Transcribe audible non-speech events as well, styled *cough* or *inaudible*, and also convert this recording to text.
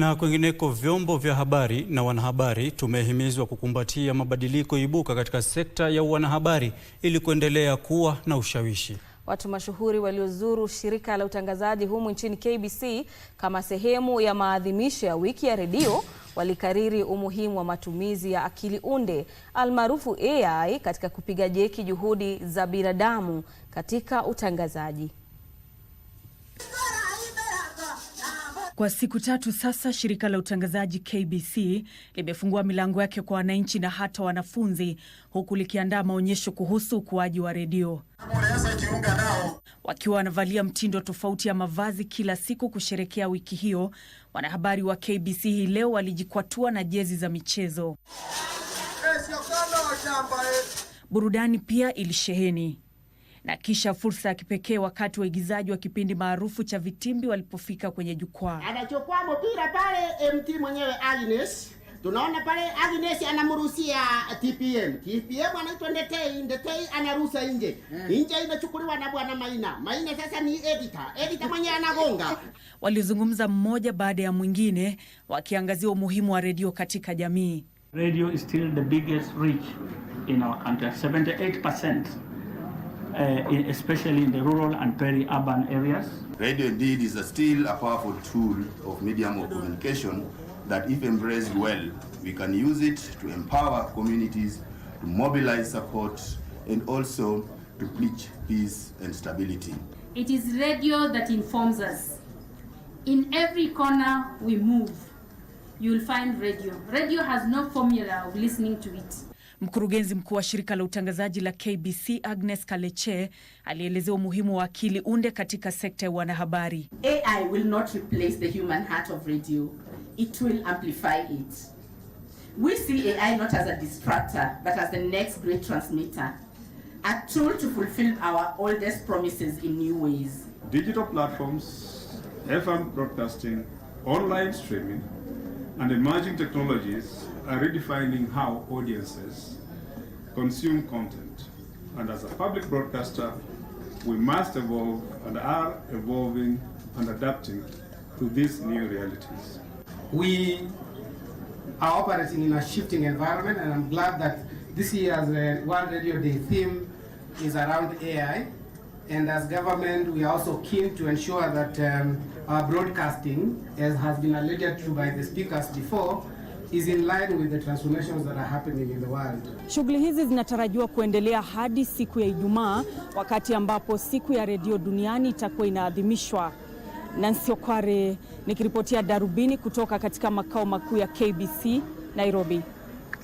Na kwingineko, vyombo vya habari na wanahabari tumehimizwa kukumbatia mabadiliko ibuka katika sekta ya wanahabari ili kuendelea kuwa na ushawishi. Watu mashuhuri waliozuru shirika la utangazaji humu nchini KBC kama sehemu ya maadhimisho ya wiki ya redio walikariri umuhimu wa matumizi ya akili unde almaarufu AI katika kupiga jeki juhudi za binadamu katika utangazaji. Kwa siku tatu sasa shirika la utangazaji KBC limefungua milango yake kwa wananchi na hata wanafunzi, huku likiandaa maonyesho kuhusu ukuaji wa redio. Wakiwa wanavalia mtindo tofauti ya mavazi kila siku kusherekea wiki hiyo, wanahabari wa KBC hii leo walijikwatua na jezi za michezo. Eh, eh. Burudani pia ilisheheni na kisha fursa ya kipekee wakati waigizaji wa kipindi maarufu cha Vitimbi walipofika kwenye jukwaa. Anachukua mpira pale MT mwenyewe Agnes, tunaona pale Agnes anamruhusia TPM. TPM anaitwa Ndetei, Ndetei anarusa nje, eh. nje inachukuliwa na bwana Maina. Maina sasa ni editor, editor mwenyewe anagonga. *laughs* Walizungumza mmoja baada ya mwingine, wakiangazia umuhimu wa redio katika jamii. Radio is still the biggest reach in our country 78% Uh, especially in the rural and peri-urban areas. Radio indeed is a still a powerful tool of medium of communication that if embraced well, we can use it to empower communities, to mobilize support, and also to preach peace and stability. It is radio that informs us. In every corner we move, you'll find radio. Radio has no formula of listening to it. Mkurugenzi mkuu wa shirika la utangazaji la KBC Agnes Kaleche alielezea umuhimu wa akili unde katika sekta ya wanahabari. AI will not replace the human heart of radio. It will amplify it. We see AI not as a distractor, but as the next great transmitter. A tool to fulfill our oldest promises in new ways. Digital platforms, FM broadcasting, online streaming, and emerging technologies are redefining how audiences consume content. And as a public broadcaster, we must evolve and are evolving and adapting to these new realities. We are operating in a shifting environment, and I'm glad that this year's uh, World Radio Day theme is around AI. And as government, we are also keen to ensure that um, our broadcasting, as has been alluded to by the speakers before, is in line with the transformations that are happening in the world. Shughuli hizi zinatarajiwa kuendelea hadi siku ya Ijumaa wakati ambapo siku ya redio duniani itakuwa inaadhimishwa. Nancy Okware nikiripotia Darubini kutoka katika makao makuu ya KBC Nairobi.